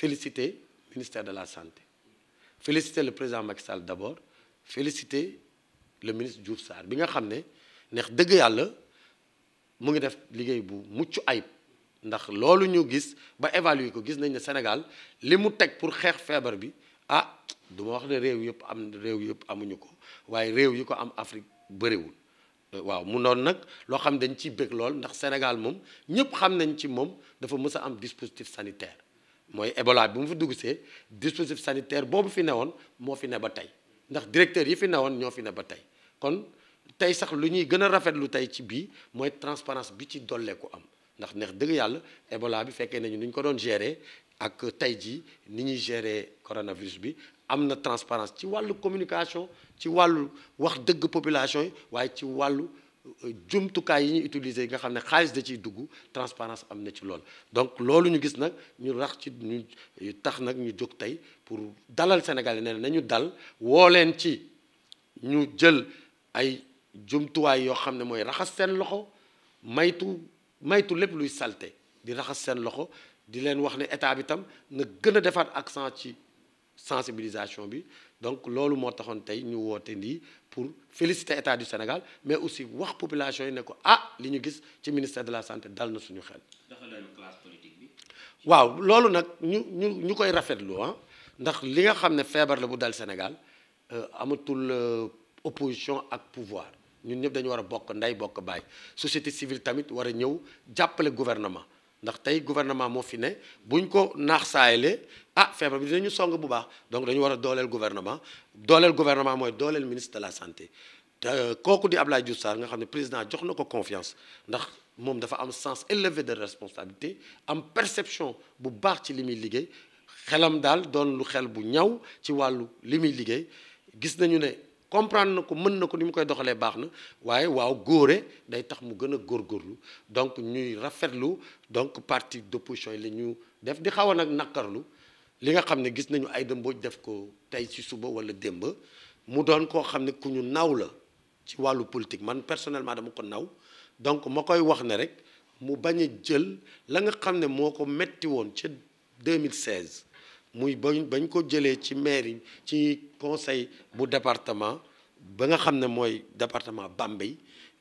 féliciter le ministère de la Santé, féliciter le président Macky Sall d'abord, féliciter le ministre Diouf Sarr bi nga c'est ne neex dëgg yàlla mu ngi def liggéey bu mucc ayib ndax loolu ñu on ba évaluer ko l'a nañ au Sénégal qu'il a fait pour xeex feebar bi ah du ma wax ne réew yëpp am réew yëpp amuñu ko waaye réew yi ko am Afrique bëriwul waaw mu noonu nag que xam dañ ciy bëgg lool ndax Sénégal moom ñëpp xam nañ ci moom dafa mës a am dispositif sanitaire moy Ebola bi mu fi dugg dispositif sanitaire bobu fi néwon mo fi né ba tay ndax directeur yi fi néwon ño fi né ba tay kon tay sax lu ñuy gën a rafetlu ci bi moy transparence bi ci ko am ndax neex deug yalla Ebola bi féké nañu ñu ko doon gérer ak tay ji ni ñuy gérer coronavirus bi amna transparence ci walu communication ci walu wax deug population waye ci walu jumtukaay yi ñuy utiliser nga xam ne xaalis da ciy dugg transparence am na ci lool donc loolu ñu gis nag ñu rax ci ñu tax nag ñu jóg tey pour dalal Sénégal yi ne nañu dal woo leen ci ñu jël ay jumtuwaay yoo xam ne mooy raxas seen loxo maytu maytu lépp luy salte di raxas seen loxo di leen wax ne état bi tam na gën a defaat accent ci sensibilisation bi donc loolu moo taxoon tey ñu woote nii pour féliciter état du Sénégal mais aussi wax population yi ne ko ah li ñu gis ci ministère de la santé dal na suñu xel. classe politique bi. waaw loolu nag ñu ñu ñu koy rafetlu ah ndax li nga xam ne la bu dal Sénégal euh, amatul euh, opposition ak pouvoir ñun ñëpp dañu war a bokk ndey bokk baay société civile tamit war a ñëw jàppale gouvernement ndax gouvernement mo fi ne buñ ko nax saayalee ah feebar bi dañu song bu baax donc dañu wara dolel gouvernement dolel gouvernement moy dolel ministre de la santé te euh, kooku di Abdoulaye Diouf Sarr nga xam président jox nako confiance ndax mom dafa am sens élevé de responsabilité am perception bu baax ci limi muy liggéey xelam dal don lu xel bu ñaw ci walu limi liggéey gis nañu ne comprendre na ko mën na ko ni mu koy doxalee baax na waaye waaw day tax mu gën donc ñuy rafetlu donc parti d'opposition yi la ñu def di a nag li nga xam ne gis nañu ay Mbodj def ko tey ci suba wala démb mu doon koo ku ñu ci politique man personnellement dama ko naw donc ma koy wax ne rek mu bañ a jël la nga xam metti woon 2016 muy bañ bañ ko jëlee ci mairie ci conseil bu département ba nga xam ne mooy département Bambey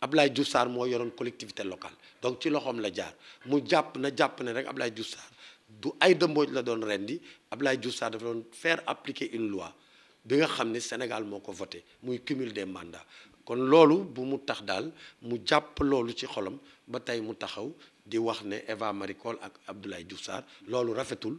Ablaye Diouf Sarr moo yoroon collectivité locale donc ci loxoom la jaar mu jàpp na jàpp ne rek Ablaye Diouf Sarr du ay dëmbooj la doon ren di Ablaye Diouf Sarr dafa doon faire appliquer une loi bi nga xam ne Sénégal moo ko voté muy cumul des mandats kon loolu bu mu tax daal mu jàpp loolu ci xolam ba tey mu taxaw di wax ne Eva Marie Coll ak Abdoulaye Diouf Sarr loolu rafetul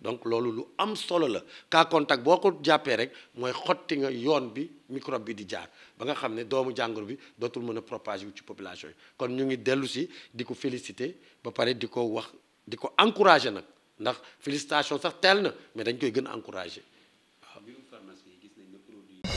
donc loolu lu am solo la cas contact boo ko jàppee rek mooy xotti nga yoon bi microbe bi di jaar ba nga xam ne doomu jàngoro bi dootul mën a propager bu ci population yi kon ñu ngi dellu si di ko féliciter ba pare di ko wax di ko encourager nag ndax félicitation sax teel na mais dañ koy gën a encourager waaw.